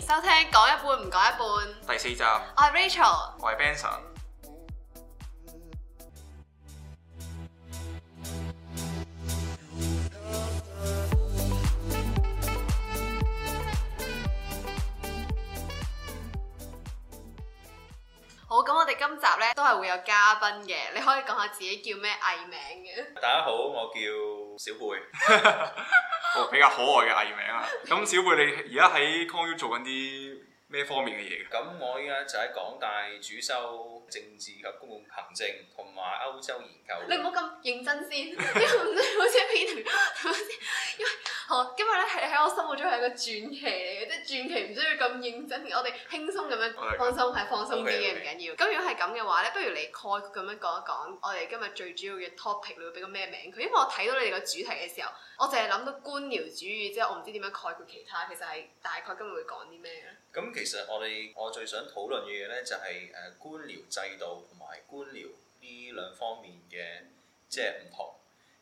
收聽講一半唔講一半第四集。我係 Rachel，我係 Benson。好，咁，我哋今集呢都係會有嘉賓嘅，你可以講下自己叫咩藝名嘅。大家好，我叫小貝。比較可愛嘅藝名啊！咁小貝，你而家喺 Conu 做緊啲咩方面嘅嘢嘅？咁我依家就喺港大主修。政治及公共行政同埋歐洲研究。你唔好咁認真先，因為好似偏題，係咪先？因為，哦，今日咧喺喺我心目中係個傳奇嚟嘅，即係傳奇唔需要咁認真。我哋輕鬆咁樣，放心係放鬆啲嘅唔緊要。咁如果係咁嘅話咧，不如你概括咁樣講一講，我哋今日最主要嘅 topic 你要俾個咩名佢？因為我睇到你哋個主題嘅時候，我淨係諗到官僚主義，即係我唔知點樣概括其他。其實係大概今日會講啲咩咧？咁其實我哋我最想討論嘅嘢咧，就係誒官僚制度同埋官僚呢兩方面嘅，即係唔同。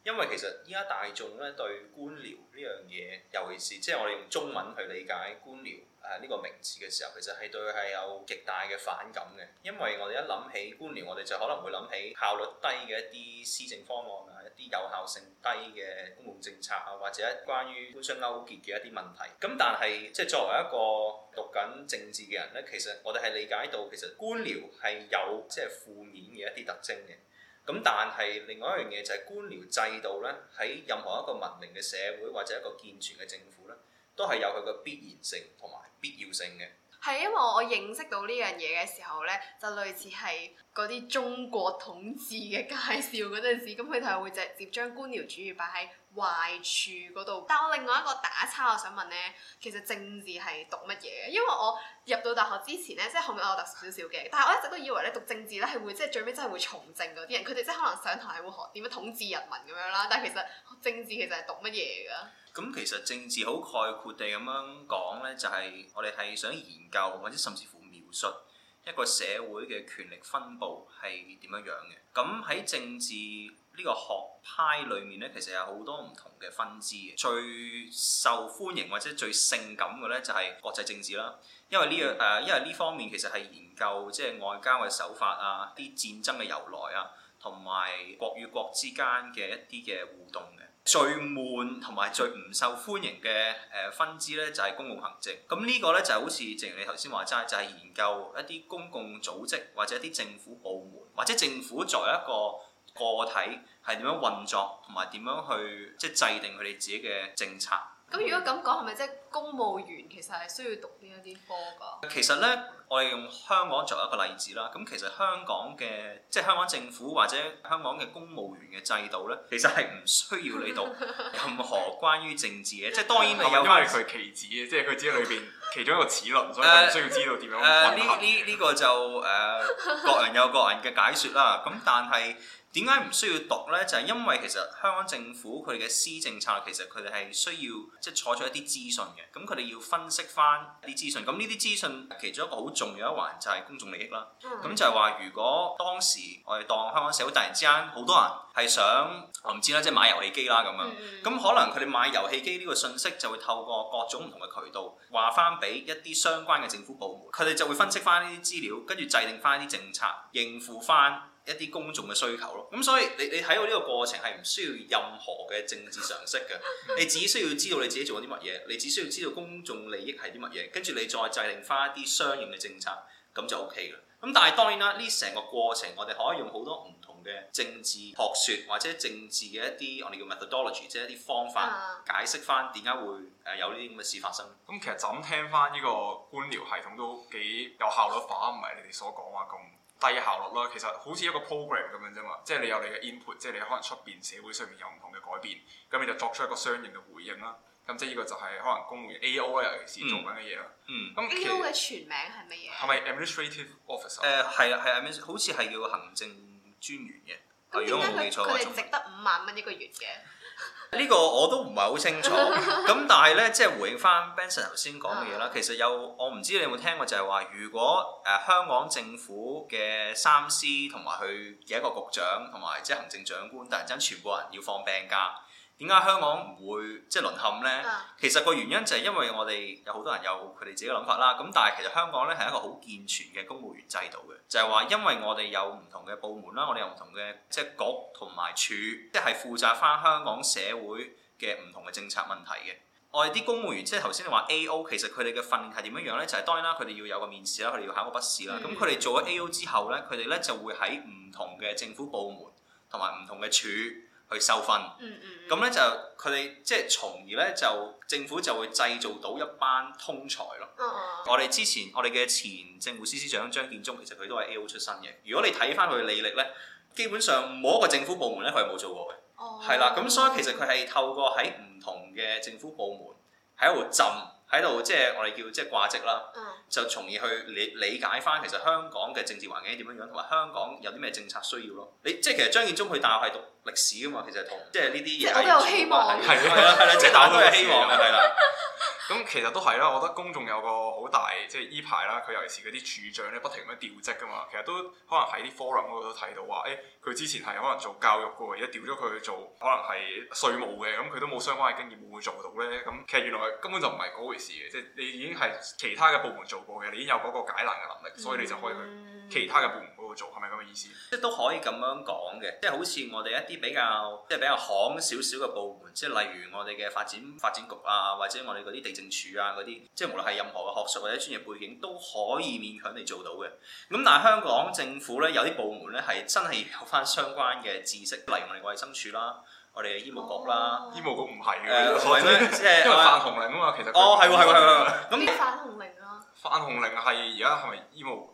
因為其實依家大眾咧對官僚呢樣嘢，尤其是即係我哋用中文去理解官僚誒呢個名字嘅時候，其實係對佢係有極大嘅反感嘅。因為我哋一諗起官僚，我哋就可能會諗起效率低嘅一啲施政方案啊，一啲有效性低嘅公共政策啊，或者關於官商勾結嘅一啲問題。咁但係即係作為一個讀緊政治嘅人呢，其實我哋係理解到其實官僚係有即係負面嘅一啲特徵嘅。咁但係另外一樣嘢就係官僚制度咧，喺任何一個文明嘅社會或者一個健全嘅政府咧，都係有佢嘅必然性同埋必要性嘅。係因為我認識到呢樣嘢嘅時候咧，就類似係嗰啲中國統治嘅介紹嗰陣時，咁佢哋係會直接將官僚主義擺喺壞處嗰度，但我另外一個打岔，我想問咧，其實政治係讀乜嘢？因為我入到大學之前咧，即係後面我有讀少少嘅，但係我一直都以為咧讀政治咧係會即係最尾真係會從政嗰啲人，佢哋即係可能上堂係會學點樣統治人民咁樣啦。但係其實政治其實係讀乜嘢㗎？咁其實政治好概括地咁樣講咧，就係、是、我哋係想研究或者甚至乎描述一個社會嘅權力分佈係點樣樣嘅。咁喺政治。呢個學派裏面咧，其實有好多唔同嘅分支嘅。最受歡迎或者最性感嘅咧，就係國際政治啦。因為呢樣誒，因為呢方面其實係研究即係外交嘅手法啊，啲戰爭嘅由來啊，同埋國與國之間嘅一啲嘅互動嘅。最悶同埋最唔受歡迎嘅誒分支咧，就係公共行政。咁呢個咧就好似正如你頭先話齋，就係研究一啲公共組織或者一啲政府部門，或者政府作為一個，個體係點樣運作，同埋點樣去即係制定佢哋自己嘅政策。咁如果咁講，係咪即係公務員其實係需要讀邊一啲科㗎？其實咧，我哋用香港作為一個例子啦。咁其實香港嘅即係香港政府或者香港嘅公務員嘅制度咧，其實係唔需要你讀任何關於政治嘅。 即係當然你有，因為佢旗子嘅，即係佢只裏邊。其中一個齒輪，所以需要知道點樣呢呢呢個就誒，呃、 各人有各人嘅解説啦。咁但係點解唔需要讀呢？就係、是、因為其實香港政府佢嘅施政策略，其實佢哋係需要即係、就是、採取一啲資訊嘅。咁佢哋要分析翻啲資訊。咁呢啲資訊其中一個好重要一環就係公眾利益啦。咁就係話，如果當時我哋當香港社會突然之間好多人。係想我唔知啦，即係買遊戲機啦咁樣。咁、嗯、可能佢哋買遊戲機呢個信息就會透過各種唔同嘅渠道話翻俾一啲相關嘅政府部門，佢哋、嗯、就會分析翻呢啲資料，跟住制定翻啲政策，應付翻一啲公眾嘅需求咯。咁所以你你睇我呢個過程係唔需要任何嘅政治常識嘅，你只需要知道你自己做緊啲乜嘢，你只需要知道公眾利益係啲乜嘢，跟住你再制定翻一啲相應嘅政策，咁就 O K 啦。咁但係當然啦，呢成個過程我哋可以用好多唔。嘅政治學説或者政治嘅一啲我哋叫 methodology，即係一啲方法解釋翻點解會誒有呢啲咁嘅事發生。咁其實就咁聽翻呢個官僚系統都幾有效率化，唔係你哋所講話咁低效率啦。其實好似一個 program 咁樣啫嘛，即係你有你嘅 input，即係你可能出邊社會上面有唔同嘅改變，咁你就作出一個相應嘅回應啦。咁即係呢個就係可能公務員 A.O. 尤其是做緊嘅嘢啦。咁 A.O. 嘅全名係乜嘢？係咪 Administrative Officer？誒係啊係啊，好似係叫行政。專員嘅，那麼 如果我冇記錯嗰種。我值得五萬蚊一個月嘅。呢 個我都唔係好清楚，咁 但係咧，即係回應翻 Benson 頭先講嘅嘢啦。 其實有，我唔知你有冇聽過，就係、是、話，如果誒、呃、香港政府嘅三司同埋佢嘅一個局長同埋即係行政長官突然間全部人要放病假。點解香港唔會即係、就是、淪陷咧？Uh. 其實個原因就係因為我哋有好多人有佢哋自己嘅諗法啦。咁但係其實香港咧係一個好健全嘅公務員制度嘅，就係、是、話因為我哋有唔同嘅部門啦，我哋有唔同嘅即係局同埋處，即、就、係、是、負責翻香港社會嘅唔同嘅政策問題嘅。外啲公務員即係頭先你話 A.O. 其實佢哋嘅訓練係點樣樣咧？就係、是、當然啦，佢哋要有個面試啦，佢哋要考個筆試啦。咁佢哋做咗 A.O. 之後咧，佢哋咧就會喺唔同嘅政府部門同埋唔同嘅處去收分，咁咧、嗯嗯、就佢哋即係從而咧就政府就會製造到一班通才咯、哦。我哋之前我哋嘅前政務司司長張建宗，其實佢都係 A.O. 出身嘅。如果你睇翻佢嘅履歷咧，基本上冇一個政府部門咧，佢係冇做過嘅。係啦、哦，咁所以其實佢係透過喺唔同嘅政府部門喺度浸。喺度即係我哋叫即係掛職啦，嗯、就從而去理理解翻其實香港嘅政治環境點樣樣，同埋香港有啲咩政策需要咯。你即係、就是、其實張建宗去大學係讀歷史噶嘛，其實同即係呢啲嘢都有希望嘅，係啦， 即係大學都有希望係啦。 咁其實都係啦，我覺得公眾有個好大，即係依排啦，佢尤其是嗰啲處長咧，不停咁調職㗎嘛。其實都可能喺啲 forum 嗰度都睇到話，誒佢、欸、之前係可能做教育嘅，而家調咗佢去做可能係稅務嘅，咁佢都冇相關嘅經驗會唔會做到咧。咁其實原來根本就唔係嗰回事嘅，即係你已經係其他嘅部門做過嘅，你已經有嗰個解難嘅能力，嗯、所以你就可以去其他嘅部門嗰度做，係咪咁嘅意思？嗯、即係都可以咁樣講嘅，即係好似我哋一啲比較即係比較行少少嘅部門，即係例如我哋嘅發展發展局啊，或者我哋嗰啲地。政署啊，嗰啲即係無論係任何嘅學術或者專業背景都可以勉強嚟做到嘅。咁但係香港政府咧，有啲部門咧係真係有翻相關嘅知識，例如我哋衞生署啦，我哋嘅醫務局啦，醫務局唔係嘅，因為泛紅領啊嘛，其實哦，係、係、係，咁泛紅領。范鴻齡係而家係咪醫務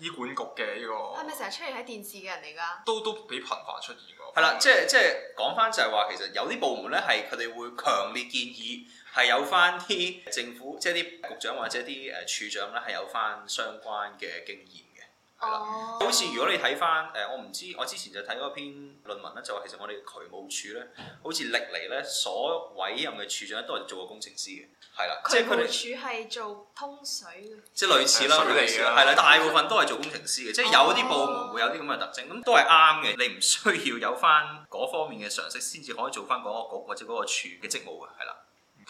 醫管局嘅呢個？係咪成日出現喺電視嘅人嚟㗎？都都幾頻繁出現喎。係啦了、嗯，即係即係講翻就係話，其實有啲部門咧，係佢哋會強烈建議係有翻啲政府，即係啲局長或者啲誒處長咧，係有翻相關嘅經驗。係啦，好似、oh. 如果你睇翻誒，我唔知我之前就睇過篇論文咧，就話其實我哋渠務署咧，好似歷嚟咧所委任嘅處長都係做過工程師嘅，係啦，即係渠務署係做通水嘅，即係的類似啦，類似啦，係啦，大部分都係做工程師嘅，即係 有啲部門會有啲咁嘅特徵，咁都係啱嘅。你唔需要有翻嗰方面嘅常識，先至可以做翻嗰個局或者嗰個處嘅職務嘅，係啦。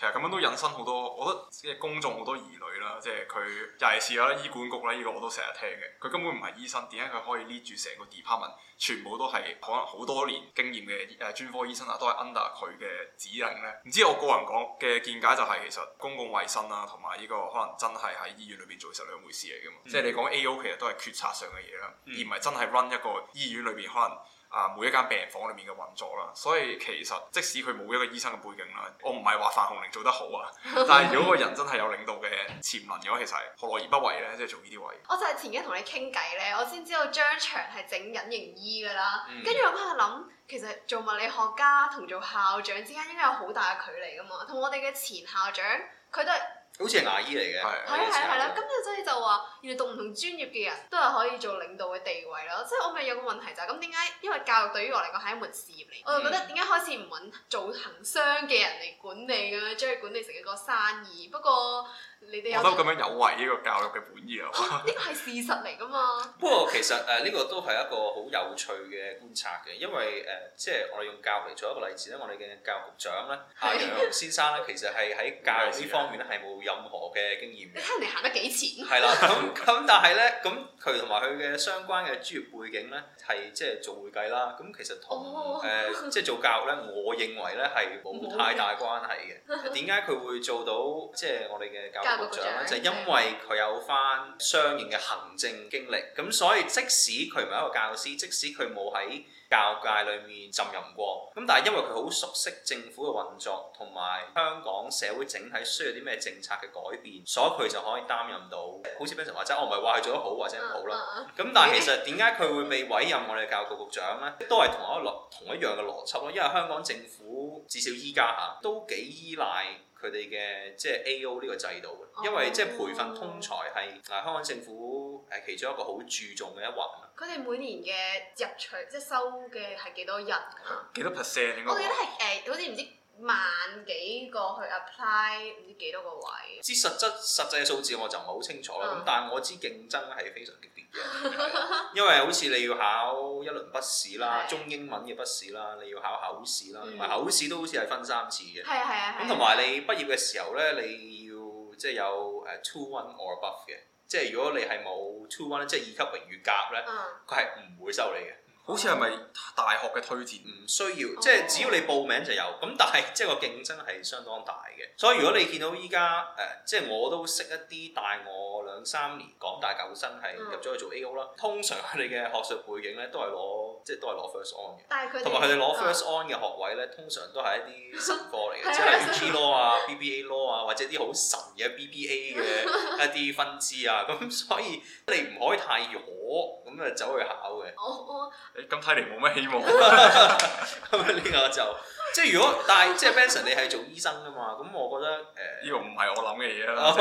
其實咁樣都引申好多，我覺得即係公眾好多疑慮啦。即係佢尤其是下醫管局啦，依、呢個我都成日聽嘅。佢根本唔係醫生，點解佢可以 lead 住成個 department，全部都係可能好多年經驗嘅誒專科醫生啊，都係 under 佢嘅指令呢。唔知我個人講嘅見解就係、是，其實公共衞生啊，同埋呢個可能真係喺醫院裏邊做實兩回事嚟嘅嘛。即係、嗯、你講 AO 其實都係決策上嘅嘢啦，嗯、而唔係真係 run 一個醫院裏邊可能。啊！每一間病房裏面嘅運作啦，所以其實即使佢冇一個醫生嘅背景啦，我唔係話范鴻齡做得好啊，但係如果個人真係有領導嘅潛能嘅話，其實何樂而不為咧？即係做呢啲位。我就係前幾日同你傾偈咧，我先知道張翔係整隱形衣㗎啦。跟住我喺度諗，其實做物理學家同做校長之間應該有好大嘅距離㗎嘛。同我哋嘅前校長，佢都係。好似係牙醫嚟嘅，係啊，係啊，係啦，今日所以就話，原來讀唔同專業嘅人都係可以做領導嘅地位咯。即係我咪有個問題就係，咁點解？因為教育對於我嚟講係一門事業嚟，我就覺得點解開始唔揾做行商嘅人嚟管理咁樣，將佢管理成一個生意？不過。我都咁樣有違呢個教育嘅本意。呢個係事實嚟噶嘛？不過其實誒呢個都係一個好有趣嘅觀察嘅，因為誒即係我哋用教育嚟做一個例子咧，我哋嘅教育局長咧，阿楊先生咧，其實係喺教育呢方面咧係冇任何嘅經驗。睇下你行得幾前？係啦，咁咁但係咧，咁佢同埋佢嘅相關嘅專業背景咧，係即係做會計啦。咁其實同誒即係做教育咧，我認為咧係冇太大關係嘅。點解佢會做到即係我哋嘅教育？局，局長咧，就是、因為佢有翻相應嘅行政經歷，咁所以即使佢唔係一個教師，即使佢冇喺教界裏面浸淫過，咁但係因為佢好熟悉政府嘅運作，同埋香港社會整體需要啲咩政策嘅改變，所以佢就可以擔任到。好似 Benjamin 話齋，我唔係話佢做得好或者唔好啦，咁但係其實點解佢會未委任我哋教育局局長呢？都係同一個同一樣嘅邏輯咯，因為香港政府至少依家吓都幾依賴。佢哋嘅即係 AO 呢個制度嘅，因為即係培訓、oh. 通才係嗱香港政府係其中一個好注重嘅一環。佢哋每年嘅入場即係收嘅係幾多人？幾多 percent？少我記得係誒、呃，好似唔知。萬幾個去 apply 唔知幾多個位？即實質實際嘅數字我就唔係好清楚啦。咁、嗯、但係我知競爭係非常激烈嘅，因為好似你要考一輪筆試啦，的中英文嘅筆試啦，你要考口試啦，同埋、嗯、口試都好似係分三次嘅。係啊，係啊，咁同埋你畢業嘅時候咧，你要即係、就是、有誒 two one or above 嘅，即、就、係、是、如果你係冇 two one 即係二級榮譽甲咧，佢係唔會收你嘅。好似係咪大學嘅推薦唔需要，即係只要你報名就有。咁但係即係個競爭係相當大嘅。所以如果你見到依家誒，即係我都識一啲大我兩三年港大舊生係入咗去做 A.O. 啦。通常佢哋嘅學術背景咧都係攞即係都係攞 First On 嘅，同埋佢哋攞 First On 嘅學位咧，通常都係一啲神科嚟嘅， 的即係 u law 啊、B.B.A. law 啊，或者啲好神嘅 B.B.A. 嘅一啲分支啊。咁所以你唔可以太弱。我咁啊走去考嘅，咁睇嚟冇乜希望，咁呢下就。即係如果，但係即係 Benjamin 你係做醫生噶嘛？咁我覺得誒，呢、呃、個唔係我諗嘅嘢啦。哦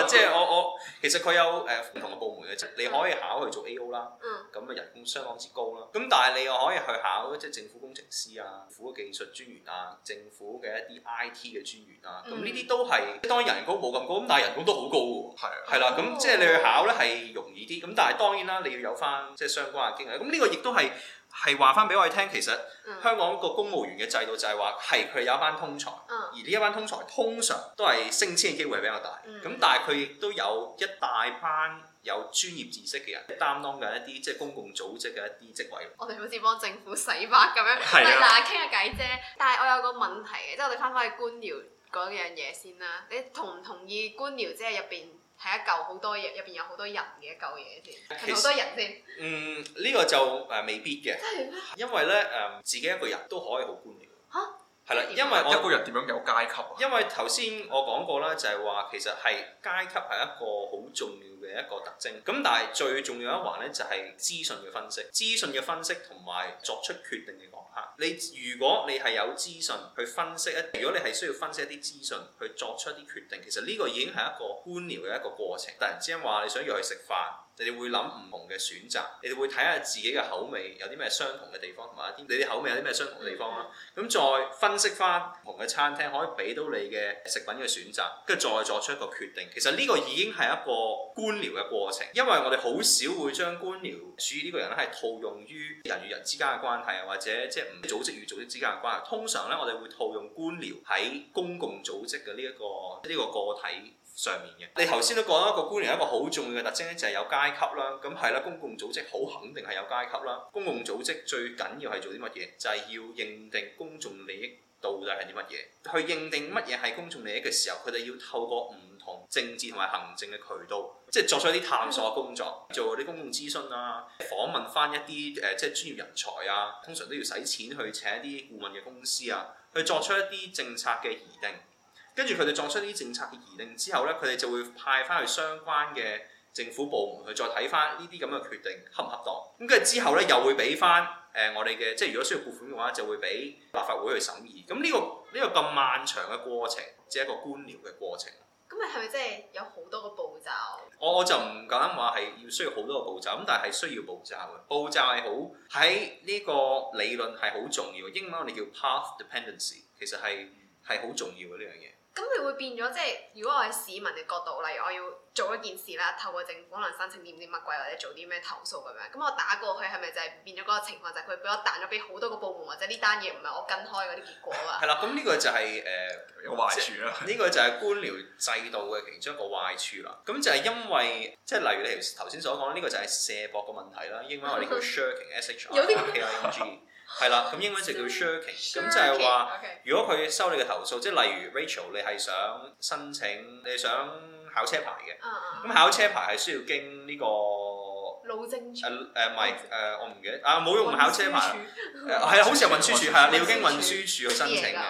嗯、即係我我其實佢有誒唔、呃、同嘅部門嘅，即係你可以考去做 A.O. 啦。嗯。咁嘅人工相當之高啦。咁但係你又可以去考即係政府工程師啊、政府嘅技術專員啊、政府嘅一啲 I.T. 嘅專員啊。嗯。咁呢啲都係當然人工冇咁高，咁但係人工都好高喎。係、嗯。係啦、啊，咁即係你去考咧係容易啲，咁但係當然啦，你要有翻即係相關嘅經歷。咁呢個亦都係。係話翻俾我哋聽，其實香港個公務員嘅制度就係話係佢有一班通才，嗯、而呢一班通才通常都係升遷嘅機會係比較大。咁、嗯、但係佢亦都有一大班有專業知識嘅人擔當緊一啲即係公共組織嘅一啲職位。我哋好似幫政府洗白咁樣，唔係嗱，傾下偈啫。但係我有個問題嘅，即係我哋翻返去官僚嗰樣嘢先啦。你同唔同意官僚即係入邊？係一舊好多嘢，入邊有好多人嘅一嚿嘢先，係好實多人先。嗯，呢、這個就誒、呃、未必嘅，因為咧誒、呃、自己一個人都可以好官僚。嚇哈，係啦，因為一個人點樣有階級，啊？因為頭先我講過啦，就係、是、話其實係階級係一個好重要。一個特徵咁，但係最重要一環咧就係資訊嘅分析，資訊嘅分析同埋作出決定嘅過程。你如果你係有資訊去分析一，如果你係需要分析一啲資訊去作出一啲決定，其實呢個已經係一個官僚嘅一個過程。突然之間話你想約去食飯。你哋會諗唔同嘅選擇，你哋會睇下自己嘅口味有啲咩相同嘅地方，同埋一啲你哋口味有啲咩相同嘅地方啦。咁再分析翻唔同嘅餐廳可以俾到你嘅食品嘅選擇，跟住再作出一個決定。其實呢個已經係一個官僚嘅過程，因為我哋好少會將官僚主義呢個人咧，係套用於人與人之間嘅關係啊，或者即係唔組織與組織之間嘅關係。通常咧，我哋會套用官僚喺公共組織嘅呢一個呢、這個個體。上面嘅，你頭先都講啦，個官員一個好重要嘅特徵咧，就係、是、有階級啦。咁係啦，公共組織好肯定係有階級啦。公共組織最緊要係做啲乜嘢？就係、是、要認定公眾利益到底係啲乜嘢。去認定乜嘢係公眾利益嘅時候，佢哋要透過唔同政治同埋行政嘅渠道，即係作出一啲探索嘅工作，做啲公共諮詢啊，訪問返一啲誒、呃、即係專業人才啊，通常都要使錢去請一啲顧問嘅公司啊，去作出一啲政策嘅擬定。跟住佢哋作出呢啲政策嘅擬定之後咧，佢哋就會派翻去相關嘅政府部門去再睇翻呢啲咁嘅決定合唔恰當，咁跟住之後咧，又會俾翻誒我哋嘅，即係如果需要撥款嘅話就會俾立法會去審議，咁呢個呢個咁漫長嘅過程，即係一個官僚嘅過程。咁咪係咪即係有好多個步驟，我我就唔敢話係要需要好多個步驟，咁但係需要步驟嘅步驟係好喺呢個理論係好重要。英文我哋叫 path dependency，其實係係好重要嘅呢樣嘢。咁你會變咗，即係如果我喺市民嘅角度，例如我要做一件事啦，透過政府可能申請啲乜鬼，或者做啲咩投訴咁樣，咁我打過去係咪就係變咗嗰個情況，就係佢俾我彈咗俾好多個部門，或者呢單嘢唔係我跟開嗰啲結果 啊？係啦，咁呢個就係誒有壞處啦。呢個就係官僚制度嘅其中一個壞處啦。咁就係因為即係例如你頭先所講，呢個就係卸膊個問題啦。英文我哋叫 shirking。asset 有啲。 係啦，咁英文就叫 shirking，咁 Shirking，就係話，Okay. 如果佢收你嘅投訴，即係例如 Rachel，你係想申請，你想考車牌嘅，咁、oh. 考車牌係需要經呢個。路政署，誒唔係，誒我唔記得啊，冇用考車牌，誒啊，好似係運輸署。係啊，你要經運輸處去申請嘅。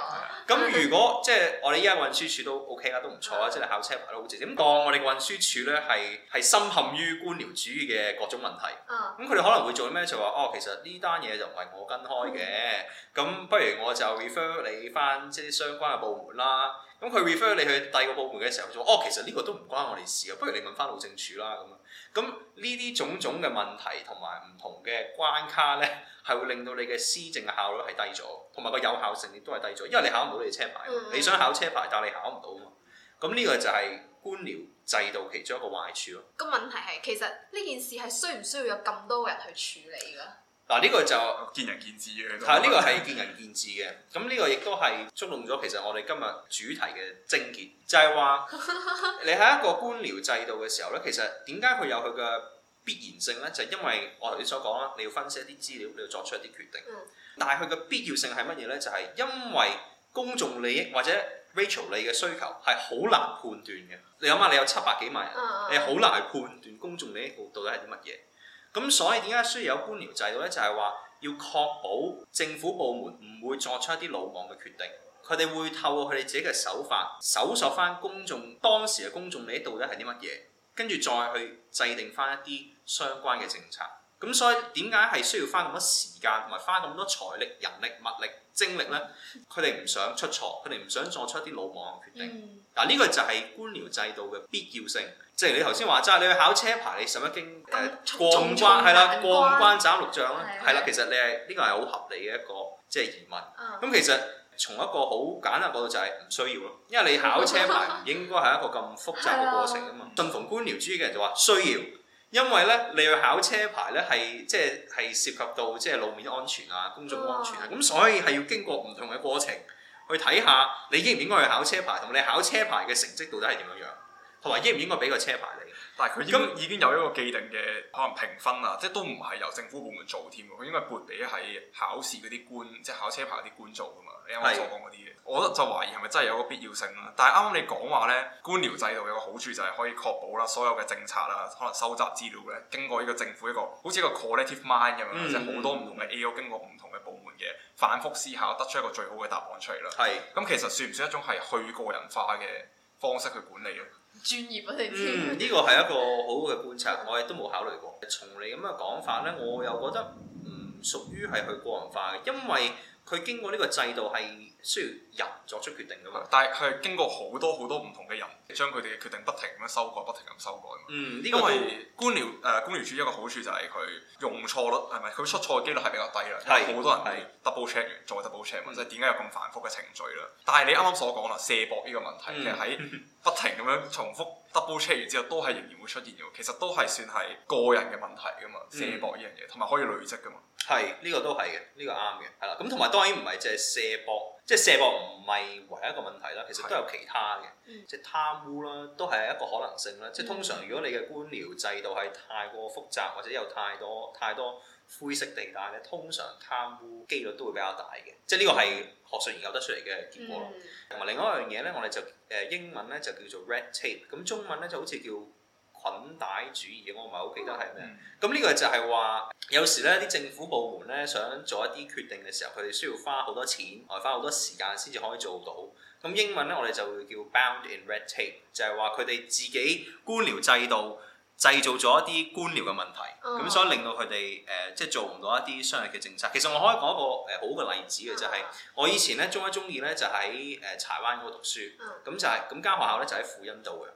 咁如果即係我哋依家運輸處都 OK 啦，都唔錯啊，即係考車牌都好直接。咁當我哋個運輸處咧係係深陷於官僚主義嘅各種問題，咁佢哋可能會做咩？就話哦，其實呢單嘢就唔係我跟開嘅，咁不如我就 refer 你翻即係相關嘅部門啦。咁佢 refer 你去第二個部門嘅時候就話：哦，其實呢個都唔關我哋事啊，不如你問翻路政署啦咁啊。咁呢啲種種嘅問題同埋唔同嘅關卡咧，係會令到你嘅施政效率係低咗，同埋個有效性亦都係低咗，因為你考唔到你嘅車牌，嗯、你想考車牌但係你考唔到啊嘛。咁呢個就係官僚制度其中一個壞處咯。個問題係其實呢件事係需唔需要有咁多個人去處理㗎？嗱呢個就見仁見智嘅，係，呢個係見仁見智嘅。咁呢、嗯、個亦都係觸動咗其實我哋今日主題嘅癥結，就係、是、話你喺一個官僚制度嘅時候咧，其實點解佢有佢嘅必然性咧？就是、因為我頭先所講啦，你要分析一啲資料，你要作出一啲決定。嗯、但係佢嘅必要性係乜嘢咧？就係、是、因為公眾利益或者 Rachel 你嘅需求係好難判斷嘅。你諗下，你有七百幾萬人，你好難判斷公眾利益到底係啲乜嘢。咁所以點解需要有官僚制度咧？就係話要確保政府部門唔會作出一啲魯莽嘅決定，佢哋會透過佢哋自己嘅手法搜索返公眾當時嘅公眾利益到底係啲乜嘢，跟住再去制定返一啲相關嘅政策。咁所以點解係需要花咁多時間同埋花咁多財力、人力、物力、精力呢？佢哋唔想出錯，佢哋唔想作出一啲魯莽嘅決定。嗯嗱呢個就係官僚制度嘅必要性，即係你頭先話，即係你去考車牌，你使乜經誒過五關係啦，過五關斬六將啦，係啦，其實你係呢個係好合理嘅一個即係疑問。咁其實從一個好簡單角度就係唔需要咯，因為你考車牌唔應該係一個咁複雜嘅過程啊嘛。信奉官僚主義嘅人就話需要，因為咧你去考車牌咧係即係係涉及到即係路面安全啊、公眾安全啊，咁所以係要經過唔同嘅過程。去睇下你應唔應該去考車牌，同你考車牌嘅成績到底係點樣樣，同埋應唔應該俾個車牌你。但係佢已經已經有一個既定嘅可能評分啦，即係都唔係由政府部門做添，佢應該撥俾係考試嗰啲官，即係考車牌啲官做噶嘛。你啱啱所講嗰啲，是我覺得就懷疑係咪真係有個必要性啦。但係啱啱你講話咧，官僚制度有個好處就係可以確保啦，所有嘅政策啦，可能收集資料咧，經過呢個政府一個好似一個 collective mind 咁樣、嗯，即係好多唔同嘅 AO 經過唔同嘅部門。反覆思考，得出一個最好嘅答案出嚟啦。係咁是其實算唔算一種係去個人化嘅方式去管理咧？專業啊，你知。呢個係一個好好嘅觀察，我亦都冇考慮過。從你咁嘅講法呢，我又覺得唔屬於係去個人化嘅，因為佢經過呢個制度係。需要人作出決定噶嘛？但係佢係經過好多好多唔同嘅人，將佢哋嘅決定不停咁樣修改，不停咁修改。嗯，因為官僚誒官僚主義一個好處就係佢用錯率係咪？佢出錯嘅機率係比較低啦，因為好多人 double check 完再 double check 完，即係點解有咁繁複嘅程序啦？但係你啱啱所講啦，卸博呢個問題，其實喺不停咁樣重複 double check 完之後，都係仍然會出現嘅。其實都係算係個人嘅問題噶嘛，卸博呢樣嘢，同埋可以累積噶嘛。係，呢個都係嘅，呢個啱嘅。係啦，咁同埋當然唔係淨係卸博。即係卸膊唔係唯一一個問題啦，其實都有其他嘅，的即係貪污啦，都係一個可能性啦。即係通常如果你嘅官僚制度係太過複雜或者有太多太多灰色地帶，咧，通常貪污機率都會比較大嘅。即係呢個係學術研究得出嚟嘅結果咯。同埋的另外一樣嘢咧，我哋就誒英文咧就叫做 red tape，咁中文咧就好似叫捆帶主義，我唔係好記得係咩。咁呢、嗯、個就係話，有時咧啲政府部門咧想做一啲決定嘅時候，佢哋需要花好多錢，花好多時間先至可以做到。咁英文咧，我哋就會叫 bound in red tape，就係話佢哋自己官僚制度製造咗一啲官僚嘅問題，咁、嗯、所以令到佢哋誒即係做唔到一啲相應嘅政策。其實我可以講一個誒、呃、好嘅例子嘅，就係、是、我以前咧中一中二咧就喺誒柴灣嗰度讀書，咁、嗯、就係咁間學校咧就喺富恩道。嘅。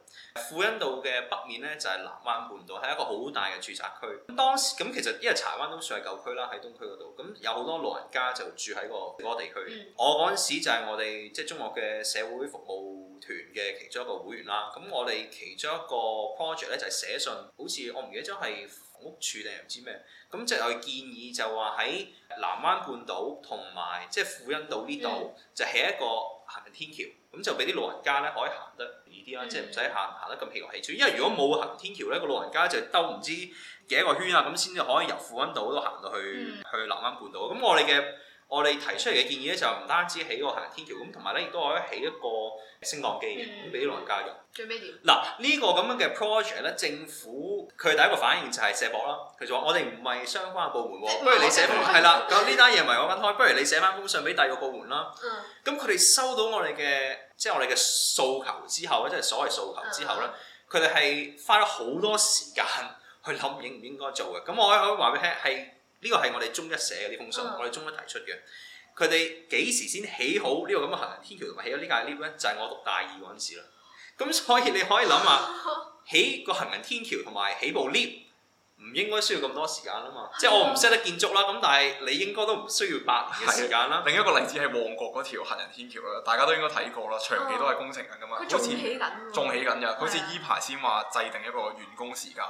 富恩道嘅北面咧就係、是、南灣半島，係一個好大嘅住宅區。咁當時咁其實因為柴灣都算係舊區啦，喺東區嗰度，咁有好多老人家就住喺、那個嗰、那個地區。嗯、我嗰陣時就係我哋即係中國嘅社會服務團嘅其中一個會員啦。咁我哋其中一個 project 咧就係、是、寫信，好似我唔記得咗係房屋處定係唔知咩。咁即係我建議就話喺南灣半島同埋即係富恩道呢度就起一個。行天橋，咁就俾啲老人家咧可以行得易啲啦，嗯、即係唔使行行得咁疲勞氣喘。因為如果冇行天橋咧，個老人家就兜唔知幾個圈啊，咁先至可以由富安島都行到去、嗯、去南灣半島。咁我哋嘅。我哋提出嚟嘅建議咧，就唔單止起個行天橋，咁同埋咧亦都可以起一個升降機、嗯，咁俾老人家用。最屘點？嗱、這個、呢個咁樣嘅 project 咧，政府佢第一個反應就係卸膊啦，佢就話我哋唔係相關嘅部門喎。 不如你寫，係啦， 咁呢單嘢唔係我分開，不如你寫翻封信俾第二個部門啦。咁佢哋收到我哋嘅，即、就、係、是、我哋嘅訴求之後咧，即、就、係、是、所謂訴求之後咧，佢哋係花咗好多時間去諗應唔應該做嘅。咁我我可以話俾你聽係。呢個係我哋中一寫嘅呢封信，嗯、我哋中一提出嘅。佢哋幾時先起好呢個咁嘅行人天橋同埋起咗呢架 lift 咧？就係、是、我讀大二嗰陣時啦。咁所以你可以諗下、啊，起個行人天橋同埋起部 lift 唔應該需要咁多時間啊嘛？嗯、即係我唔識得建築啦。咁但係你應該都唔需要百年嘅時間啦。另一個例子係旺角嗰條行人天橋啦，大家都應該睇過啦，長期都係工程緊噶嘛。佢好似、嗯、起緊仲起緊嘅，好似依排先話制定一個完工時間。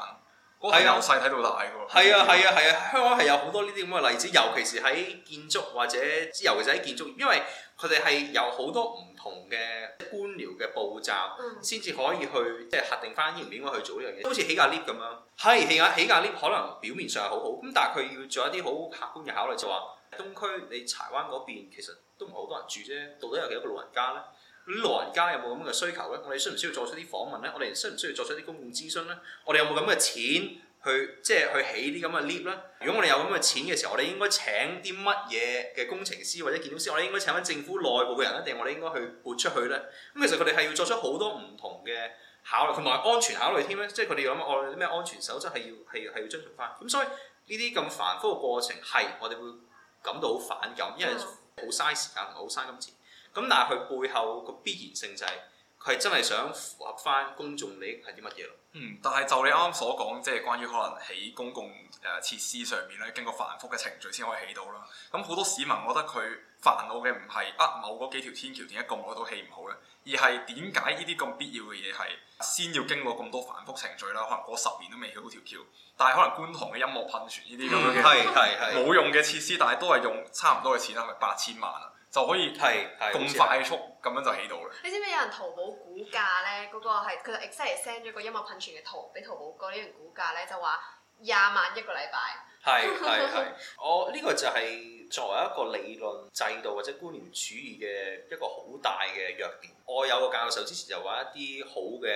睇由細睇到大喎，係啊係啊係啊，啊！香港係有好多呢啲咁嘅例子，尤其是喺建築或者，尤其是喺建築，因為佢哋係有好多唔同嘅官僚嘅步驟，先至可以去即係核定翻應唔應該去做呢樣嘢。都好似起架 lift 咁樣，係起架起架 lift，可能表面上係好好，咁但係佢要做一啲好客觀嘅考慮，就話、是、東區你柴灣嗰邊其實都唔係好多人住啫，到底有幾多個老人家咧？啲老人家有冇咁嘅需求咧？我哋需唔需要作出啲訪問咧？我哋需唔需要作出啲公共諮詢咧？我哋有冇咁嘅錢去即係去起啲咁嘅 lift 咧？如果我哋有咁嘅錢嘅時候，我哋應該請啲乜嘢嘅工程師或者建築師？我哋應該請翻政府內部嘅人咧，定我哋應該去撥出去咧？咁其實佢哋係要作出好多唔同嘅考慮，同埋安全考慮添咧。即係佢哋要諗，我哋咩安全守則係要係要係要遵循翻。咁所以呢啲咁繁複嘅過程係我哋會感到好反感，因為好嘥時間同埋好嘥金錢。咁但係佢背後個必然性就係佢係真係想符合翻公眾利益係啲乜嘢咯？嗯，但係就你啱啱所講，即係關於可能喺公共誒設施上面咧，經過繁複嘅程序先可以起到啦。咁、嗯、好多市民，我覺得佢煩惱嘅唔係呃某嗰幾條天橋點解咁耐都起唔好咧，made, 而係點解呢啲咁必要嘅嘢係先要經過咁多繁複程序啦？可能過十年都未起到條橋，但係可能觀塘嘅音樂噴泉呢啲咁樣嘅冇用嘅設施，但係都係用差唔多嘅錢，係咪八千萬啊？就可以係咁快速咁樣就起到啦。你知唔知有人淘寶估價咧？嗰、那個係佢就 exactly send 咗個音樂噴泉嘅圖俾淘寶嗰啲人估價咧，就話廿萬一個禮拜。係係係。 我呢、這個就係作為一個理論制度或者官僚主義嘅一個好大嘅弱點。我有個教授之前就話一啲好嘅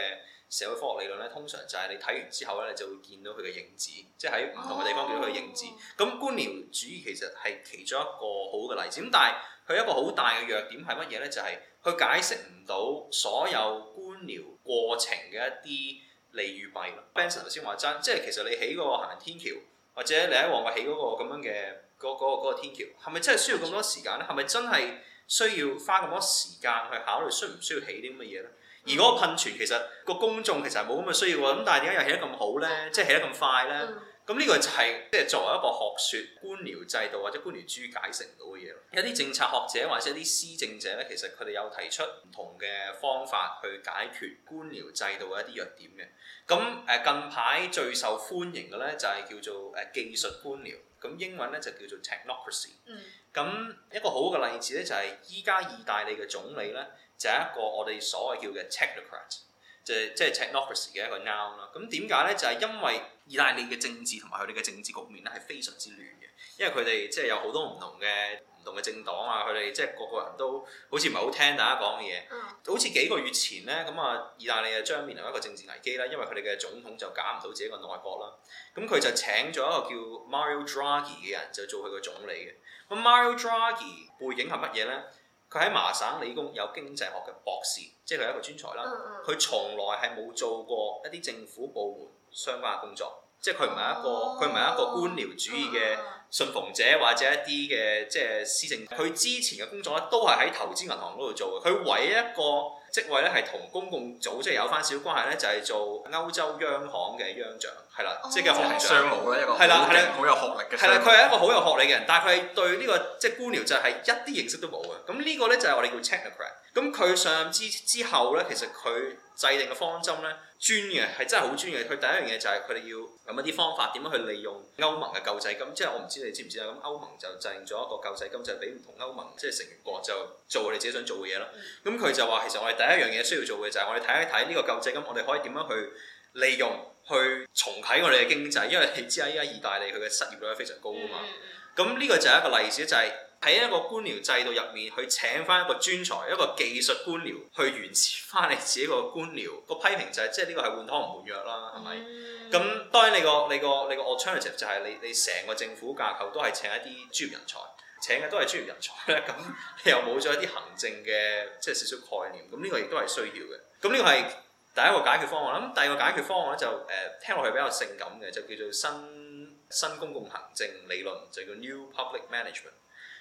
社會科學理論咧，通常就係你睇完之後咧，你就會見到佢嘅影子，即係喺唔同嘅地方見到佢嘅影子。咁官僚主義其實係其中一個好嘅例子。咁、mm hmm. 但係佢一個好大嘅弱點係乜嘢咧？就係佢解釋唔到所有官僚過程嘅一啲利與弊咯。Benson 頭先話齋，即係其實你起個行人天橋，或者你喺旺角起嗰個咁樣嘅嗰嗰個天橋，係咪真係需要咁多時間咧？係咪真係需要花咁多時間去考慮需唔需要起啲咁嘅嘢咧？而嗰個噴泉其實個公眾其實冇咁嘅需要喎。咁但係點解又起得咁好咧？即係起得咁快咧？嗯咁呢個就係即係作為一個學説官僚制度或者官僚主義解成唔到嘅嘢咯。一啲政策學者或者一啲施政者咧，其實佢哋有提出唔同嘅方法去解決官僚制度嘅一啲弱點嘅。咁誒近排最受歡迎嘅咧，就係叫做誒技術官僚，咁英文咧就叫做 technocracy。嗯。咁一個好嘅例子咧，就係依家意大利嘅總理咧就係、是、一個我哋所謂叫嘅 technocrat，就係即係 technocracy 嘅一個 noun 啦。咁點解咧？就係、是、因為意大利嘅政治同埋佢哋嘅政治局面咧係非常之亂嘅，因為佢哋即係有好多唔同嘅唔同嘅政黨啊，佢哋即係個個人都好似唔係好聽大家講嘅嘢。嗯、好似幾個月前呢。咁啊，意大利啊將面臨一個政治危機啦，因為佢哋嘅總統就搞唔到自己嘅內閣啦。咁佢就請咗一個叫 Mario Draghi 嘅人就做佢嘅總理嘅。Mario Draghi 背景係乜嘢呢？佢喺麻省理工有經濟學嘅博士，即係佢係一個專才啦。佢從來係冇做過一啲政府部門。相關嘅工作，即係佢唔係一個，佢唔係一個官僚主義嘅信奉者，或者一啲嘅即係施政。佢之前嘅工作咧，都係喺投資銀行嗰度做嘅。佢唯一一個職位咧，係同公共組織有翻少少關係咧，就係做歐洲央行嘅央長。係啦，即係學商奴咧一個，係啦係啦，好有學歷嘅。係啦，佢係一個好有學歷嘅人，但係對呢、這個即係、就是、官僚制係一啲認識都冇嘅。咁呢個咧就係、是、我哋叫 technocrat。咁佢上任之之後咧，其實佢制定嘅方針咧，專嘅係真係好專嘅。佢第一樣嘢就係佢哋要諗一啲方法點樣去利用歐盟嘅救濟金。即係我唔知你知唔知啊？咁歐盟就制定咗一個救濟金，就係俾唔同歐盟即係、就是、成員國就做我哋自己想做嘅嘢咯。咁佢就話其實我哋第一樣嘢需要做嘅就係我哋睇一睇呢個救濟金，我哋可以點樣去利用。去重啟我哋嘅經濟，因為你知呀依家意大利佢嘅失業率係非常高啊嘛。咁呢、嗯、個就係一個例子，就係、是、喺一個官僚制度入面，去請翻一個專才，一個技術官僚去完善翻你自己個官僚、那個批評就係、是，即係呢個係換湯唔換藥啦，係咪、嗯？咁當然你個你個你個 alternative 就係你你成個政府架構都係請一啲專業人才，請嘅都係專業人才咧，咁 你又冇咗一啲行政嘅即係少少概念，咁呢個亦都係需要嘅。咁呢個係。第一個解決方案啦，咁第二個解決方案咧就誒、呃、聽落去比較性感嘅，就叫做新新公共行政理論，就叫 New Public Management。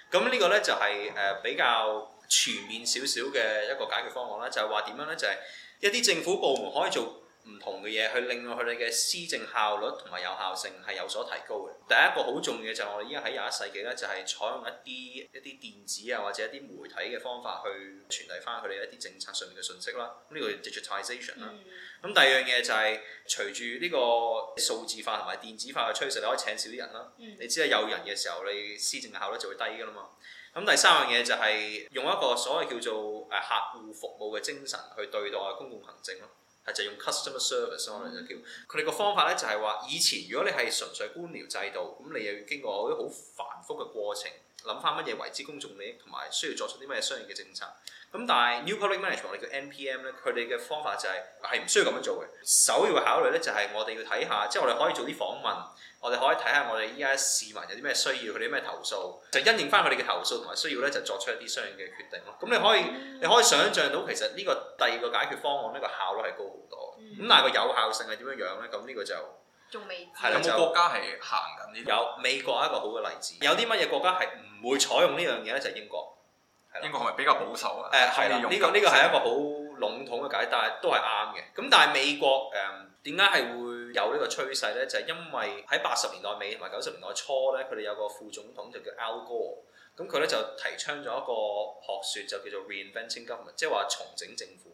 咁、嗯這個、呢個咧就係、是、誒、呃、比較全面少少嘅一個解決方案啦，就係話，點樣咧，就係、是、一啲政府部門可以做。唔同嘅嘢去令到佢哋嘅施政效率同埋有效性係有所提高嘅。第一個好重要嘅就係我哋依家喺廿一世紀咧，就係、是、採用一啲一啲電子啊或者一啲媒體嘅方法去傳遞翻佢哋一啲政策上面嘅信息啦。呢、這個係 digitalisation 啦。咁、嗯嗯、第二樣嘢就係、是、隨住呢個數字化同埋電子化嘅趨勢，你可以請少啲人啦。嗯、你知啊，有人嘅時候你施政效率就會低噶啦嘛。咁、嗯、第三樣嘢就係、是、用一個所謂叫做誒客戶服務嘅精神去對待公共行政咯。就用 customer service 可能就叫佢哋個方法咧，就係話以前如果你係純粹官僚制度，咁你又要經過好繁複嘅過程，諗翻乜嘢為之公眾利益，同埋需要作出啲咩嘢相應嘅政策。咁但係 New Public Management 我哋叫 NPM 咧，佢哋嘅方法就係係唔需要咁樣做嘅。首要考慮咧就係我哋要睇下，即係我哋可以做啲訪問。我哋可以睇下我哋依家市民有啲咩需要，佢哋咩投訴，就因應翻佢哋嘅投訴同埋需要咧，就作出一啲相應嘅決定咯。咁你可以、嗯、你可以想象到，其實呢個第二個解決方案呢、呢個效率係高好多。咁、嗯、但係個有效性係點樣樣咧？咁呢個就仲未、係啦、有冇國家係行緊呢？有美國係一個好嘅例子。有啲乜嘢國家係唔會採用呢樣嘢咧？就係、英國。英國係咪比較保守啊？誒係啦，呢、呢個呢、呢個係一個好籠統嘅解，但係都係啱嘅。咁但係美國誒點解係會？有呢個趨勢咧，就係、是、因為喺八十年代尾同埋九十年代初咧，佢哋有個副總統就叫 Al Gore，咁佢咧就提倡咗一個學説，就叫做 Reinventing Government，即係話重整政府。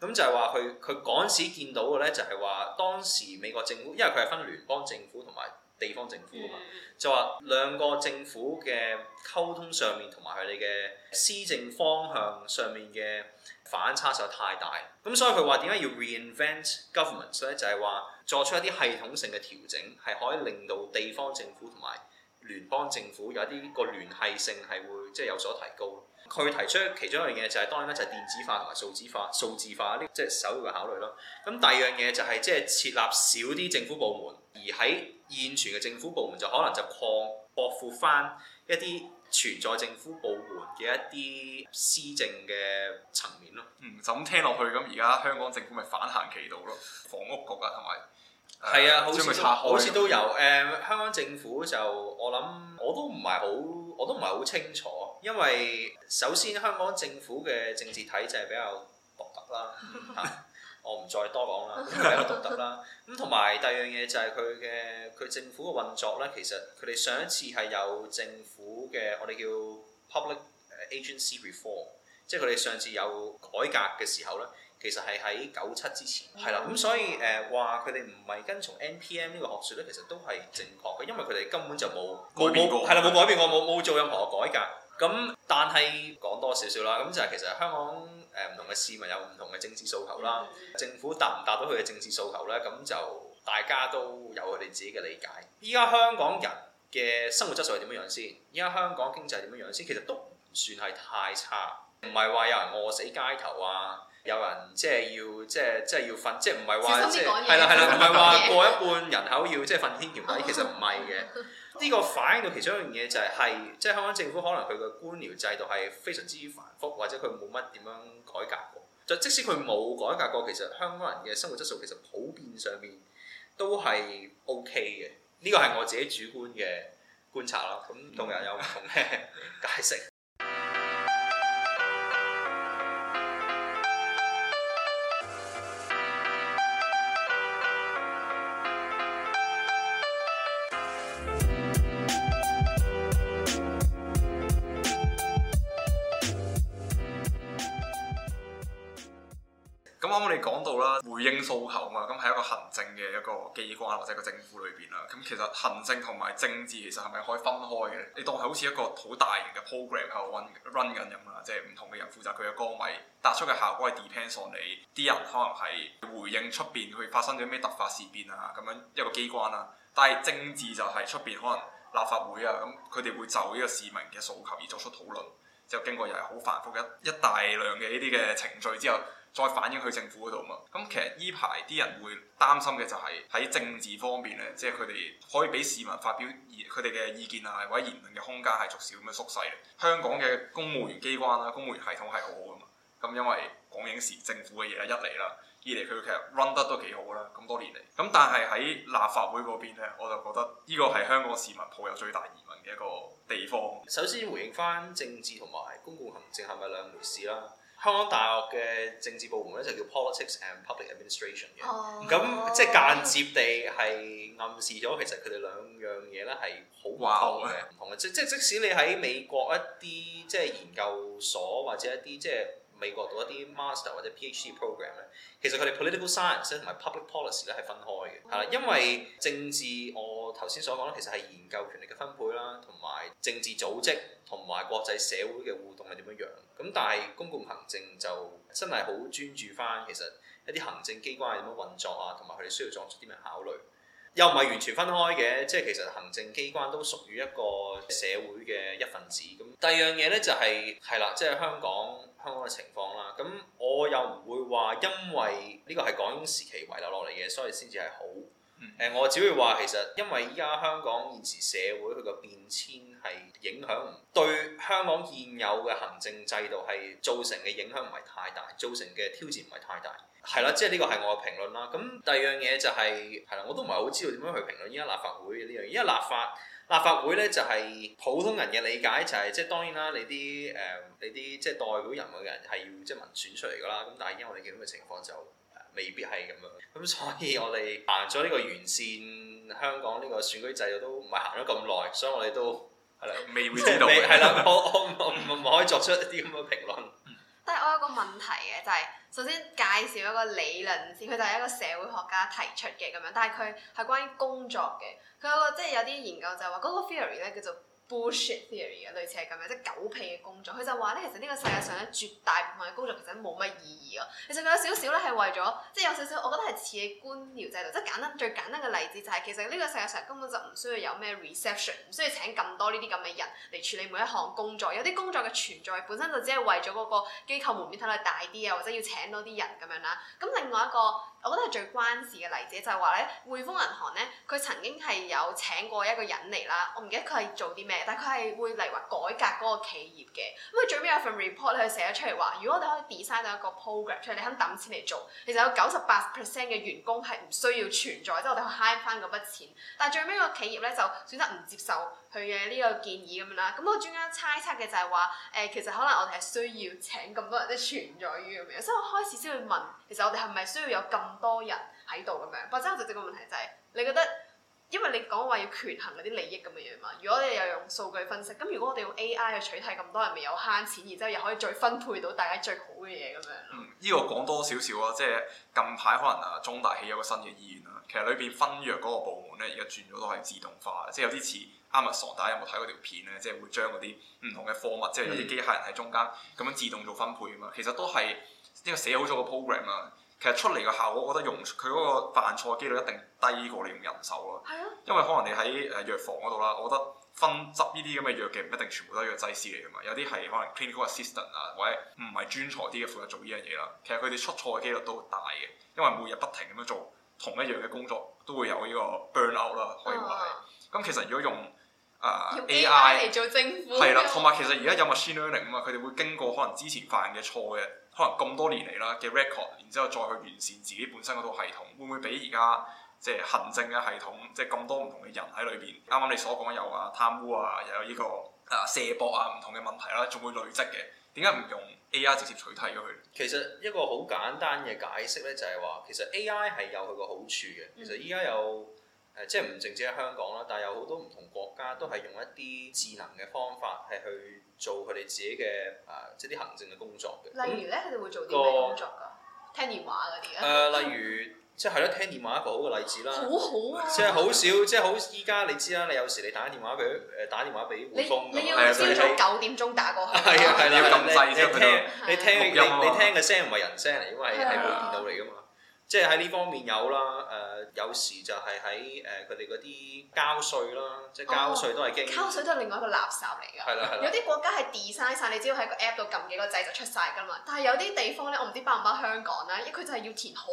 咁就係話佢佢嗰陣時見到嘅咧，就係話當時美國政府，因為佢係分聯邦政府同埋地方政府啊嘛，嗯、就話兩個政府嘅溝通上面同埋佢哋嘅施政方向上面嘅。反差實在太大，咁所以佢話點解要 reinvent government 咧？就係話作出一啲系統性嘅調整，係可以令到地方政府同埋聯邦政府有啲個聯繫性係會即係有所提高。佢提出其中一樣嘢就係當然咧，就係電子化同埋數字化、數字化呢，即係首要嘅考慮咯。咁第二樣嘢就係即係設立少啲政府部門，而喺現存嘅政府部門就可能就擴闊闊返一啲。存在政府部門嘅一啲施政嘅層面咯。嗯，就咁聽落去，咁而家香港政府咪反行其道咯？房屋局啊，同埋係啊，好似好似都有誒、嗯呃。香港政府就我諗我都唔係好，我都唔係好清楚，因為首先香港政府嘅政治體制比較獨特啦。嚇、嗯！ 我唔再多講啦，係一個獨特啦。咁同埋第二樣嘢就係佢嘅佢政府嘅運作咧，其實佢哋上一次係有政府嘅我哋叫 Public Agency Reform，即係佢哋上次有改革嘅時候咧，其實係喺九七之前。係啦，咁所以誒話佢哋唔係跟從 NPM 呢個學説咧，其實都係正確嘅，因為佢哋根本就冇冇改變係啦，冇改變過，冇冇做任何改革。咁但係講多少少啦，咁就係其實香港。誒唔同嘅市民有唔同嘅政治訴求啦，政府達唔達到佢嘅政治訴求呢？咁就大家都有佢哋自己嘅理解。依家香港人嘅生活質素係點樣樣先？依家香港經濟點樣樣先？其實都唔算係太差，唔係話有人餓死街頭啊。有人即係要，即係即係要瞓，即係唔係話即係係啦係啦，唔係話過一半人口要即係瞓天橋底，其實唔係嘅。呢 個反映到其中一樣嘢就係、係、係即係香港政府可能佢嘅官僚制度係非常之繁複，或者佢冇乜點樣改革過。就即使佢冇改革過，其實香港人嘅生活質素其實普遍上面都係 OK 嘅。呢個係我自己主觀嘅觀察啦。咁同人有唔同嘅解釋。嗯 政嘅一個機關或者個政府裏邊啦，咁其實行政同埋政治其實係咪可以分開嘅？你當係好似一個好大型嘅 program 喺度 run run 緊咁啊，即係唔同嘅人負責佢嘅崗位，達出嘅效果係 depends on 你啲人可能係回應出邊佢發生咗咩突發事變啊，咁樣一個機關啦。但係政治就係出邊可能立法會啊，咁佢哋會就呢個市民嘅訴求而作出討論，之後經過又係好繁複嘅一一大量嘅呢啲嘅程序之後。再反映去政府嗰度嘛？咁其實呢排啲人會擔心嘅就係喺政治方面咧，即係佢哋可以俾市民發表佢哋嘅意見啊，或者言論嘅空間係逐少咁樣縮細。香港嘅公務員機關啦，公務員系統係好好噶嘛。咁因為港英時政府嘅嘢一嚟啦，二嚟佢其實 run 得都幾好啦，咁多年嚟。咁但係喺立法會嗰邊咧，我就覺得呢個係香港市民抱有最大疑問嘅一個地方。首先回應翻政治同埋公共行政係咪兩回事啦？香港大學嘅政治部門咧就叫 Politics and Public Administration 嘅，咁即係間接地係暗示咗其實佢哋兩樣嘢咧係好唔同嘅，唔同嘅。即即即使你喺美國一啲即係研究所或者一啲即係美國讀一啲 master 或者 PhD program 咧，其實佢哋 political science 同埋 public policy 咧係分開嘅，係啦，因為政治我頭先所講其實係研究權力嘅分配啦，同埋政治組織同埋國際社會嘅互動係點樣樣。咁但係公共行政就真係好專注翻，其實一啲行政機關係點樣運作啊，同埋佢哋需要作出啲咩考慮。又唔係完全分開嘅，即係其實行政機關都屬於一個社會嘅一份子。咁第二樣嘢呢，就係係啦，即係香港香港嘅情況啦。咁我又唔會話因為呢、這個係港英時期遺留落嚟嘅，所以先至係好。誒，我只會話其實，因為依家香港現時社會佢個變遷係影響唔對香港現有嘅行政制度係造成嘅影響唔係太大，造成嘅挑戰唔係太大，係啦，即係呢個係我嘅評論啦。咁第二樣嘢就係係啦，我都唔係好知道點樣去評論依家立法會呢樣嘢，因為立法立法會咧就係、是、普通人嘅理解就係、是、即係當然啦，你啲誒、呃、你啲即係代表人物嘅人係要即係民選出嚟㗎啦。咁但係因為我哋見到嘅情況就～未必係咁樣，咁所以我哋行咗呢個完善香港呢個選舉制度，都唔係行咗咁耐，所以我哋都係啦，未會知道，係啦未， 我我唔可以作出一啲咁嘅評論。但係我有個問題嘅，就係、是、首先介紹一個理論先，佢就係一個社會學家提出嘅咁樣，但係佢係關於工作嘅，佢有個即係、就是、有啲研究就係話嗰個 theory 咧叫做 bullshit theory 嘅，類似係咁樣，即係狗屁嘅工作。佢就話咧，其實呢個世界上咧，絕大部分嘅工作其實都冇乜意義啊。其實有少少咧係為咗，即係有少少，我覺得係似官僚制度。即係簡單最簡單嘅例子就係、是，其實呢個世界上根本就唔需要有咩 reception，唔需要請咁多呢啲咁嘅人嚟處理每一項工作。有啲工作嘅存在本身就只係為咗嗰個機構門面睇落大啲啊，或者要請多啲人咁樣啦。咁另外一個。我覺得係最關事嘅例子，就係話咧，匯豐銀行咧，佢曾經係有請過一個人嚟啦，我唔記得佢係做啲咩，但係佢係會嚟話改革嗰個企業嘅。咁佢最尾有份 report 咧，佢寫咗出嚟話，如果我哋可以 design 到一個 program 出嚟，你肯抌錢嚟做，其實有九十八 percent 嘅員工係唔需要存在，即係我哋去以 h 翻嗰筆錢。但係最尾個企業咧就選擇唔接受。佢嘅呢個建議咁樣啦，咁我專家猜測嘅就係話，誒、呃、其實可能我哋係需要請咁多人，啲存在於咁樣，所以我開始先會問，其實我哋係咪需要有咁多人喺度咁樣？或者我直接個問題就係、是，你覺得，因為你講話要權衡嗰啲利益咁嘅樣嘛？如果你又用數據分析，咁如果我哋用 AI 去取替咁多人，未有慳錢，然之後又可以再分配到大家最好嘅嘢咁樣。呢依、嗯這個講多少少啊，即係近排可能啊中大起咗個新嘅醫院啊。其實裏邊分藥嗰個部門咧而家轉咗都係自動化即係有啲似。阿 Amazon 大家有冇睇過條片咧？即係會將嗰啲唔同嘅貨物，嗯、即係有啲機械人喺中間咁樣自動做分配啊嘛。其實都係呢個寫好咗個 program 啊。其實出嚟嘅效果，我覺得用佢嗰個犯錯嘅機率一定低過你用人手咯。係啊。因為可能你喺誒藥房嗰度啦，我覺得分執呢啲咁嘅藥嘅唔一定全部都係藥劑師嚟㗎嘛。有啲係可能 clinical assistant 啊，或者唔係專才啲嘅負責做呢樣嘢啦。其實佢哋出錯嘅機率都大嘅，因為每日不停咁樣做同一樣嘅工作，都會有呢個 burn out 啦。可以話係。咁、啊、其實如果用啊用！A.I. 嚟做政府係啦，同埋了其實而家有 machine learning 啊嘛，佢哋會經過可能之前犯嘅錯嘅，可能咁多年嚟啦嘅 record，然之後再去完善自己本身嗰套系統，會唔會比而家即係行政嘅系統，即係咁多唔同嘅人喺裏邊？啱啱你所講有啊貪污啊，又有呢個啊射博啊唔同嘅問題啦、啊，仲會累積嘅，點解唔用 A.I.、嗯、直接取替咗佢？其實一個好簡單嘅解釋咧，就係話其實 A.I. 係有佢個好處嘅，其實依家有、嗯。誒，即係唔淨止喺香港啦，但係有好多唔同國家都係用一啲智能嘅方法係去做佢哋自己嘅啊，即係啲行政嘅工作嘅。例如咧，佢哋會做啲咩工作噶？聽電話嗰啲啊？誒，例如即係咯，聽電話一個好嘅例子啦。好好啊！即係好少，即係好依家你知啦。你有時你打電話俾誒，打電話俾匯豐，係啊，所以你你要朝早九點鐘打過去，係啊係啦，咁細聲聽，你聽你你聽嘅聲唔係人聲嚟，因為係電腦嚟㗎嘛。即係喺呢方面有啦，誒、呃、有時就係喺誒佢哋嗰啲交稅啦，即係交稅都係經、哦，交稅都係另外一個垃圾嚟㗎。係啦係啦。有啲國家係 design 晒，你只要喺個 app 度撳幾個掣就出曬㗎嘛。但係有啲地方咧，我唔知包唔包香港啦，因為佢就係要填好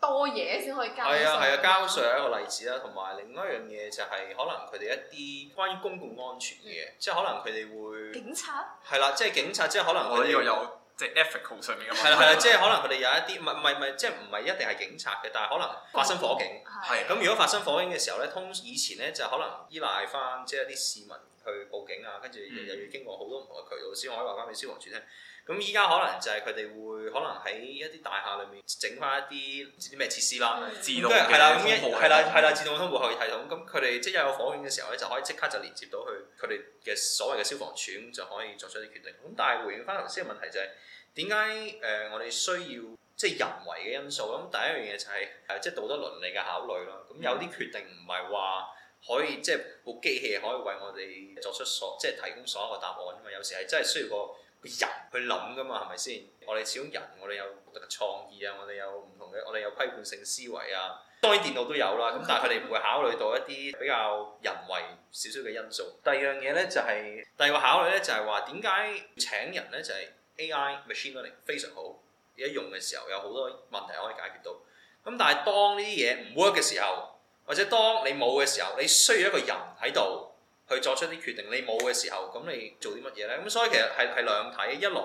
多嘢先可以交稅。係啊係啊，交稅係一個例子啦，同埋另外一樣嘢就係可能佢哋一啲關於公共安全嘅嘢，即係可能佢哋會警察係啦，即係警察即係可能。我呢個有。即係 efficacy 上面咁樣啦，係啦係啦，即係可能佢哋有一啲，唔係唔係，唔係，即係唔係一定係警察嘅，但係可能發生火警，係咁、嗯、如果發生火警嘅時候咧，通以前咧就可能依賴翻即係一啲市民去報警啊，跟住又要經過好多唔同嘅渠道先可以話翻俾消防處聽。咁依家可能就係佢哋會可能喺一啲大廈裏面整翻一啲啲咩設施啦，自動系啦，咁一係啦系啦，自動通報系統。咁佢哋即係有火警嘅時候咧，就可以即刻就連接到去佢哋嘅所謂嘅消防處，就可以作出啲決定。咁但係回應翻頭先嘅問題就係點解誒我哋需要即係、就是、人為嘅因素？咁第一樣嘢就係誒即係道德倫理嘅考慮咯。咁、嗯、 有啲決定唔係話可以即係部機器可以為我哋作出所即係、就是、提供所有嘅答案啊嘛。因為有時係真係需要個人去諗噶嘛，係咪先？我哋始終人，我哋有獨特嘅創意啊，我哋有唔同嘅，我哋有批判性思維啊。當然電腦都有啦，咁但係佢哋唔會考慮到一啲比較人為少少嘅因素。 第二樣嘢呢，就係、是、第二個考慮呢，就係話點解請人呢？就係、是、AI Machine Learning 非常好，一用嘅時候有好多問題可以解決到。咁但係當呢啲嘢唔 work 嘅時候，或者當你冇嘅時候，你需要一個人喺度。去作出啲決定，你冇嘅時候，咁你做啲乜嘢咧？咁所以其實係係兩睇，一來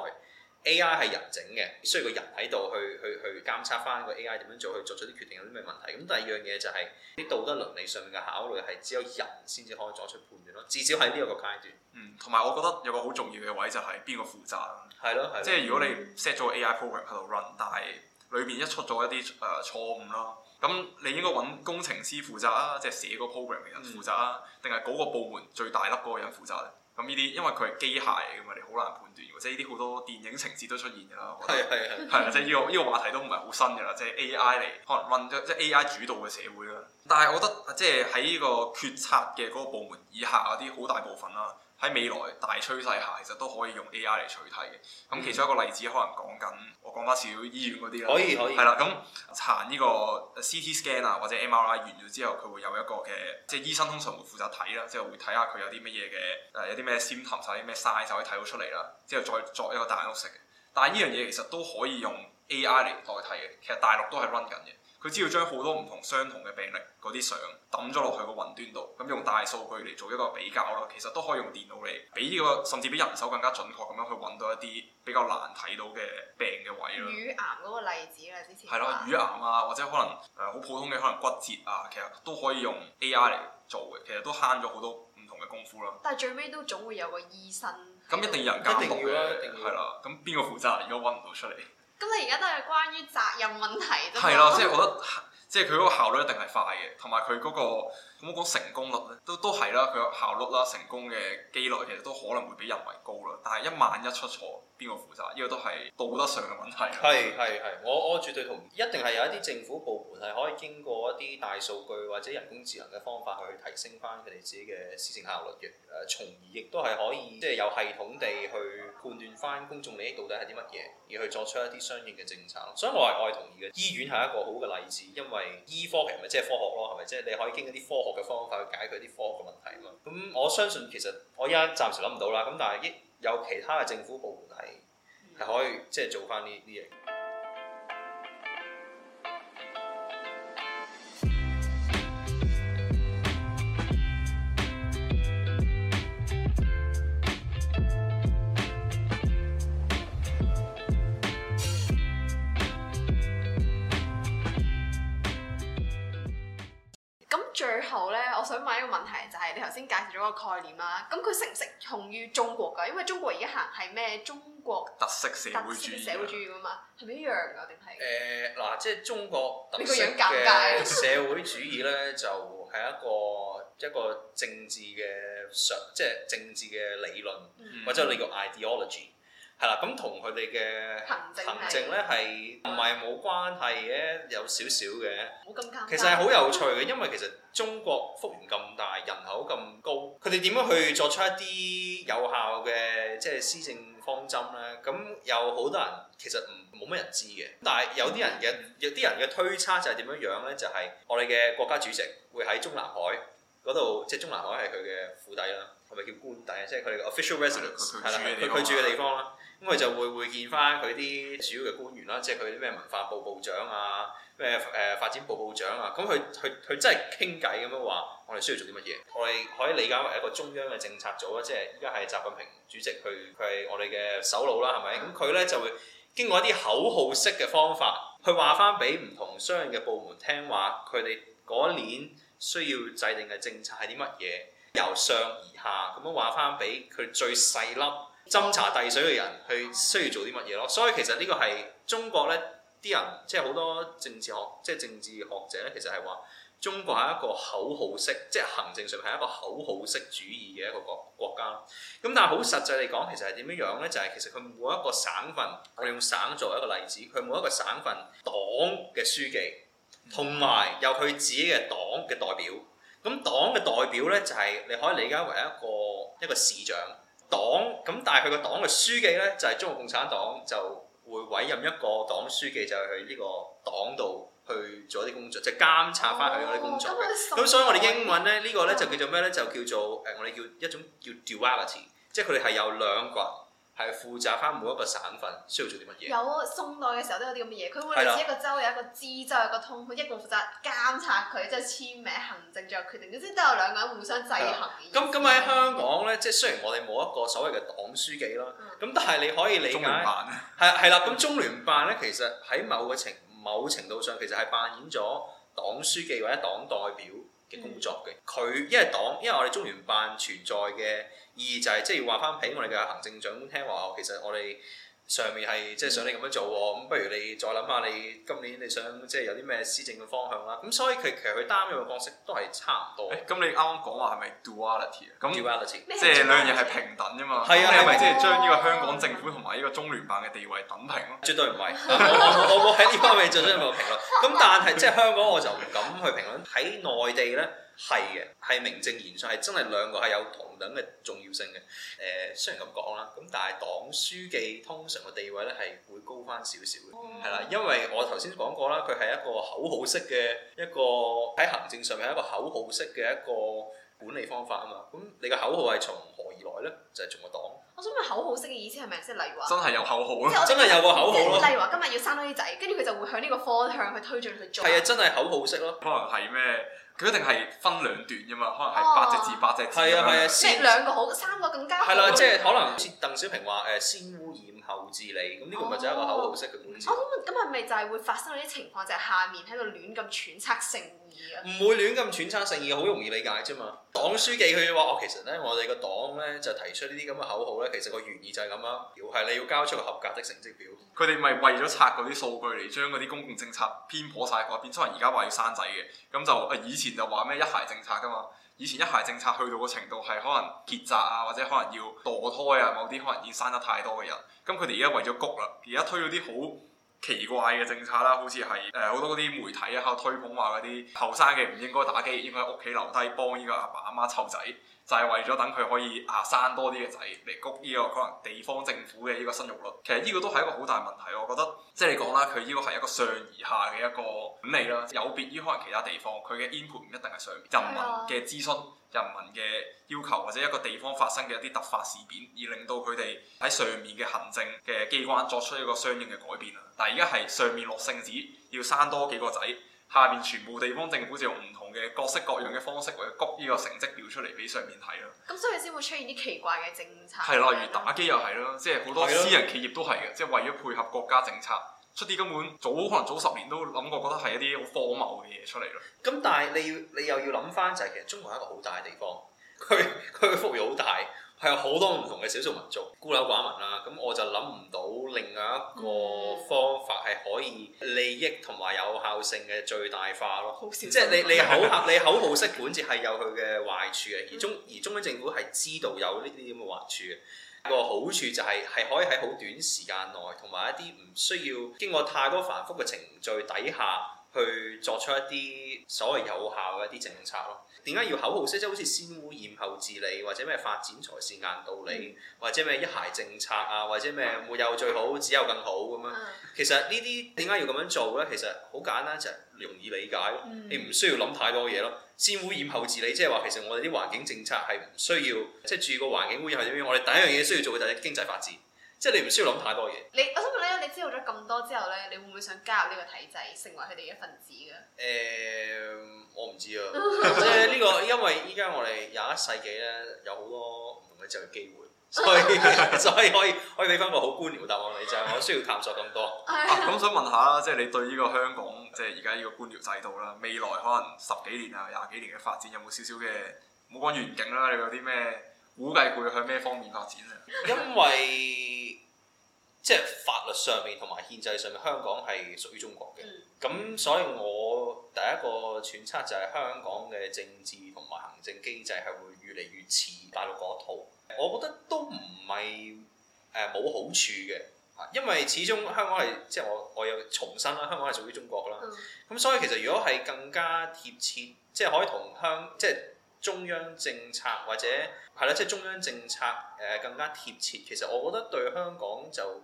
A.I 係人整嘅，需要個人喺度去去去監察返個 A.I 點樣做，去作出啲決定有啲咩問題。咁第二樣嘢就係、是、啲道德倫理上面嘅考慮係只有人先至可以作出判斷咯，至少喺呢一個階段。嗯，同埋我覺得有個好重要嘅位就係邊個負責咯。係咯，係。即係如果你 set 咗 A.I program 喺度 run，但係裏邊一出咗一啲誒、呃、錯誤咯。咁你應該揾工程師負責啊，即係寫個 program 嘅人負責啊，定係嗰個部門最大粒嗰個人負責咧？咁呢啲因為佢係機械嚟嘅嘛，你好難判斷喎。即係呢啲好多電影情節都出現㗎啦。我覺得係啦，即係呢個呢個話題都唔係好新㗎啦。即係 AI 嚟，可能 run 咗即係 AI 主導嘅社會啦。但係我覺得即係喺呢個決策嘅嗰個部門以下嗰啲好大部分啦。喺未來大趨勢下，其實都可以用 A I 嚟取代嘅。咁其中一個例子，嗯、可能講緊我講翻少少醫院嗰啲啦，可以可以。係啦。咁查呢個 C T scan 啊，或者 M R I 完咗之後，佢會有一個嘅，即係醫生通常會負責睇啦，之後會睇下佢有啲乜嘢嘅，誒有啲咩 symptom，曬啲咩 size，就可以睇到出嚟啦。之後再作一個大屋食嘅。但係呢樣嘢其實都可以用 A I 嚟代替嘅。其實大陸都係 run 緊嘅。佢只要將好多唔同相同嘅病歷嗰啲相抌咗落去個雲端度，咁用大數據嚟做一個比較咯，其實都可以用電腦嚟俾呢個，甚至比人手更加準確咁樣去揾到一啲比較難睇到嘅病嘅位咯。乳癌嗰個例子啦，之前係咯，乳癌啊，或者可能誒好普通嘅可能骨折啊，其實都可以用 AI 嚟做嘅，其實都慳咗好多唔同嘅功夫啦。但係最尾都總會有個醫生，咁一定要有人監督嘅，係啦，咁邊個負責？如果揾唔到出嚟？咁你而家都係關於責任問題都嘛？係啦，即係我覺得，即係佢嗰個效率一定係快嘅，同埋佢嗰個。咁我講成功率咧，都都係啦，佢效率啦、成功嘅機率，其實都可能會比人為高啦。但係一萬一出錯，邊個負責？呢個都係道德上嘅問題。係係係，我我絕對同意，一定係有一啲政府部門係可以經過一啲大數據或者人工智能嘅方法去提升翻佢哋自己嘅施政效率嘅。誒，從而亦都係可以即係有系統地去判斷翻公眾利益到底係啲乜嘢，而去作出一啲相應嘅政策。所以我係我係同意嘅。醫院係一個好嘅例子，因為醫科其實咪即係科學咯，係咪即係你可以經一啲科學。嘅方法去解決啲科學嘅問題嘛，咁我相信其實我依家暫時諗唔到啦，咁但係亦有其他嘅政府部門係係可以即係、嗯、做翻呢啲嘢。個概念啊，咁佢適唔適用於中國㗎？因為中國而家行係咩？中國特色社會主義啊嘛，係咪一樣㗎？定係誒嗱，即係中國特色社會主義咧，就係一個一個政治嘅常，即係政治嘅理論，嗯、或者你個 ideology。係啦，咁同佢哋嘅行政咧係唔係冇關係嘅？有少少嘅，其實係好有趣嘅，因為其實中國幅員咁大，人口咁高，佢哋點樣去作出一啲有效嘅即係施政方針咧？咁有好多人其實唔冇乜人知嘅，但係有啲人嘅有啲人嘅推測就係點樣樣咧？就係我哋嘅國家主席會喺中南海嗰度，即係中南海係佢嘅府邸啦，係咪叫官邸？即係佢哋嘅 official residence，係啦，佢住嘅地方啦。咁佢就會會見翻佢啲主要嘅官員啦，即係佢啲咩文化部部長啊，咩誒發展部部長啊，咁佢佢佢真係傾偈咁樣話，我哋需要做啲乜嘢？我哋可以理解為一個中央嘅政策組啦，即係依家係習近平主席，佢佢係我哋嘅首腦啦，係咪？咁佢呢就會經過一啲口號式嘅方法，去話翻俾唔同相應嘅部門聽話，佢哋嗰一年需要制定嘅政策係啲乜嘢？由上而下咁樣話翻俾佢最細粒，斟茶遞水嘅人，去需要做啲乜嘢咯？所以其實呢個係中國咧，啲人即係好多政治學即係政治學者咧，其實係話中國係一個口號式，即係行政上係一個口號式主義嘅一個國國家。咁但係好實際嚟講其實係點樣樣咧？就係、是、其實佢每一個省份，我哋用省作為一個例子，佢每一個省份黨嘅書記同埋有佢自己嘅黨嘅代表。咁黨嘅代表咧，就係、是、你可以理解為一個一個市長。黨咁，但係佢個黨嘅書記呢，就係、是、中國共產黨，就會委任一個黨書記，就係去呢個黨度去做一啲工作，就監、是、察翻佢嗰啲工作嘅。咁、哦哦嗯、所以，我哋英文呢，呢、嗯、個呢，就叫做咩呢？就叫做誒、呃，我哋叫一種叫 duality，即係佢哋係有兩個。係負責翻每一個省份需要做啲乜嘢？有，宋代嘅時候都有啲咁嘅嘢，佢會嚟自一個州有一個知州，有一個通判，佢一共負責監察佢，即係簽名行政，再決定，即係都有兩個人互相制衡。咁咁喺香港咧，即係雖然我哋冇一個所謂嘅黨書記啦，咁，嗯，但係你可以理解係係啦。咁中聯辦咧，其實喺某個程某程度上，其實係扮演咗黨書記或者黨代表。嗯、工作嘅，佢因為黨，因為我哋中聯辦存在嘅意義就係即係話翻俾我哋嘅行政長官聽話，其實我哋。上面係即係想你咁樣做喎，咁、嗯、不如你再諗下你今年你想即係有啲咩施政嘅方向啦。咁所以佢其實佢擔任嘅角色都係差唔多。咁、欸、你啱啱講話係咪 duality 啊？duality，即係兩樣嘢係平等啫嘛。係啊，你係咪即係將呢個香港政府同埋呢個中聯辦嘅地位等平咧？絕對唔係， 我冇喺呢方面做咗任何評論。咁 但係即係香港我就唔敢去評論。喺內地咧。係嘅，係名正言順，係真係兩個係有同等嘅重要性嘅。誒、呃，雖然咁講啦，咁但係黨書記通常嘅地位咧係會高翻少少嘅，係啦、oh.，因為我頭先講過啦，佢係一個口號式嘅一個喺行政上面係一個口號式嘅一個管理方法啊嘛。咁你嘅口號係從何而來咧？就係、是、從個黨。我想問口號式嘅意思係咪即係例如話。真係有口號咯、啊，真係有個口號咯、啊。例如話今日要生多啲仔，跟住佢就會向呢個方向去推進去做。係啊，真係口號式咯、啊，可能係咩？佢一定係分兩段㗎嘛，可能係八隻字八隻字，係啊，係啊，即係兩個好，三個更加好。係啦，即係可能好似鄧小平話誒先污染後治理，咁呢個咪就係一個口號式嘅觀念。我諗咁係咪就係會發生嗰啲情況，就係下面喺度亂咁揣測性。唔 Yeah. 會亂咁揣測成義，好容易理解啫嘛。黨書記佢話：我其實呢，我哋個黨呢就提出呢啲咁嘅口號呢，其實個原意就係咁啊，係你要交出個合格的成績表。佢哋咪為咗拆嗰啲數據嚟，將嗰啲公共政策偏頗曬，變咗可能而家話要生仔嘅，咁就以前就話咩一孩政策㗎嘛，以前一孩政策去到個程度係可能結紮啊，或者可能要墮胎啊，某啲可能已經生得太多嘅人。咁佢哋而家為咗谷啦，而家推咗啲好。奇怪嘅政策啦，好似係誒好多啲媒體啊，喺度推廣話嗰啲後生嘅唔應該打機，應該屋企留低幫呢個阿爸阿媽湊仔。就係為咗等佢可以啊生多啲嘅仔嚟谷呢個可能地方政府嘅呢個生育率，其實呢個都係一個好大問題，我覺得。即係你講啦，佢呢個係一個上而下嘅一個管理啦，有別於可能其他地方，佢嘅 input 唔一定係上面人民嘅諮詢、人民嘅要求或者一個地方發生嘅一啲突發事件，而令到佢哋喺上面嘅行政嘅機關作出一個相應嘅改變啊。但係而家係上面落聖旨，要生多幾個仔。下面全部地方政府就用唔同嘅各式各樣嘅方式，去谷呢個成績表出嚟俾上面睇咯。咁所以先會出現啲奇怪嘅政策。係啦，例如打機又係咯，即係好多私人企業都係嘅，即係的為咗配合國家政策，出啲根本早可能早十年都諗過覺得係一啲好荒謬嘅嘢出嚟咯。咁但係你要你又要諗返，就係其實中國係一個好大嘅地方，佢佢嘅幅員好大。係有好多唔同嘅少數民族，孤陋寡聞啦、啊，咁我就諗唔到另外一個方法係可以利益同埋有效性嘅最大化咯。即係 你你口你口號式管治係有佢嘅壞處嘅，而中而中央政府係知道有呢啲咁嘅壞處嘅。個好處就係、是、係可以喺好短時間內同埋一啲唔需要經過太多繁複嘅程序底下。去作出一啲所謂有效嘅一啲政策咯。點解要口號式？即、就、係、是、好似先污染後治理，或者咩發展才是硬道理，嗯、或者咩一孩政策啊，或者咩沒有最好，只有更好咁樣。嗯、其實呢啲點解要咁樣做呢？其實好簡單，就容易理解。嗯、你唔需要諗太多嘢咯。先污染後治理，即係話其實我哋啲環境政策係唔需要即係注意個環境污染係點樣。我哋第一樣嘢需要做嘅就係經濟發展。即係你唔需要諗太多嘢。你我想問咧，你知道咗咁多之後咧，你會唔會想加入呢個體制，成為佢哋一份子噶？誒、呃，我唔知啊。即係呢個，因為依家我哋廿一世紀咧，有好多唔同嘅就業機會，所以， 所以所以可以可以俾翻個好官僚嘅答案你，就係 我需要探索咁多。咁、 啊、想問下即係你對呢個香港，即係而家呢個官僚制度啦，未來可能十幾年啊、廿幾年嘅發展，有冇少少嘅冇講前景啦？你有啲咩估計佢向咩方面發展啊？ 因為即係法律上面同埋憲制上面，香港係屬於中國嘅。咁所以我第一個揣測就係香港嘅政治同埋行政機制係會越嚟越似大陸嗰套。我覺得都唔係冇好處嘅，因為始終香港係即係我我有重申啦，香港係屬於中國啦。咁、嗯、所以其實如果係更加貼切，即係可以同香即係中央政策或者係啦，即係中央政策誒更加貼切，其實我覺得對香港就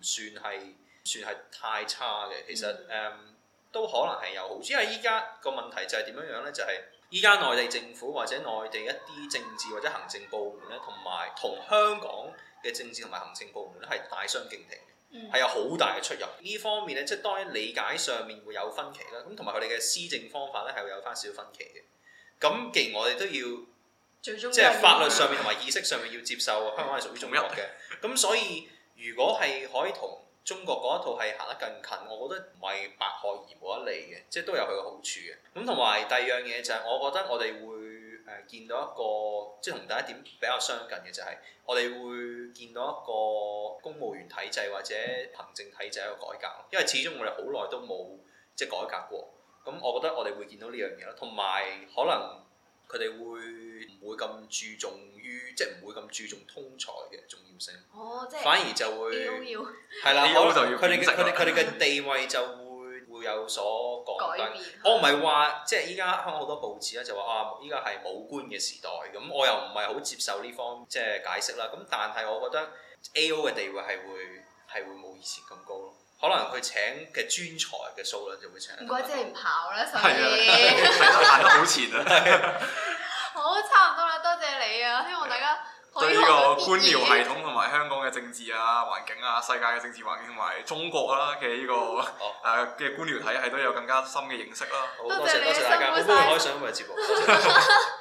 算係算係太差嘅，其實誒、嗯、都可能係有好，因為依家個問題就係點樣樣呢？就係依家內地政府或者內地一啲政治或者行政部門咧，同埋同香港嘅政治同埋行政部門咧，係大相徑庭嘅，係、嗯、有好大嘅出入。呢方面呢，即係當然理解上面會有分歧啦。咁同埋佢哋嘅施政方法咧，係會有翻少少分歧嘅。咁其實我哋都要，即係法律上面同埋意識上面要接受，香港係屬於中國嘅。咁所以。如果係可以同中國嗰一套係行得更近，我覺得唔係百害而無一利嘅，即係都有佢嘅好處嘅。咁同埋第二樣嘢就係，我覺得我哋會誒見到一個，即係同第一點比較相近嘅就係，我哋會見到一個公務員體制或者行政體制一個改革，因為始終我哋好耐都冇即係改革過。咁我覺得我哋會見到呢樣嘢咯。同埋可能。佢哋會唔會咁注重於，即係唔會咁注重通才嘅重要性？哦，即係反而就會，係啦，佢哋嘅佢哋嘅地位就會會有所降低。我唔係話即係依家香港好多報紙咧就話啊，依家係武官嘅時代，咁我又唔係好接受呢方即係、就是、解釋啦。咁但係我覺得 A.O. 嘅地位係會係會冇以前咁高咯。可能佢請嘅專才嘅數量就會請唔怪之係唔跑啦，所以，賺到錢啦。好，差唔多啦，多謝你啊！希望大家對呢個官僚系統同埋香港嘅政治啊、環境啊、世界嘅政治環境同埋中國啦嘅呢個誒嘅、呃、官僚體系都有更加深嘅認識啦、啊。好多謝多謝大家，好開心今日節目。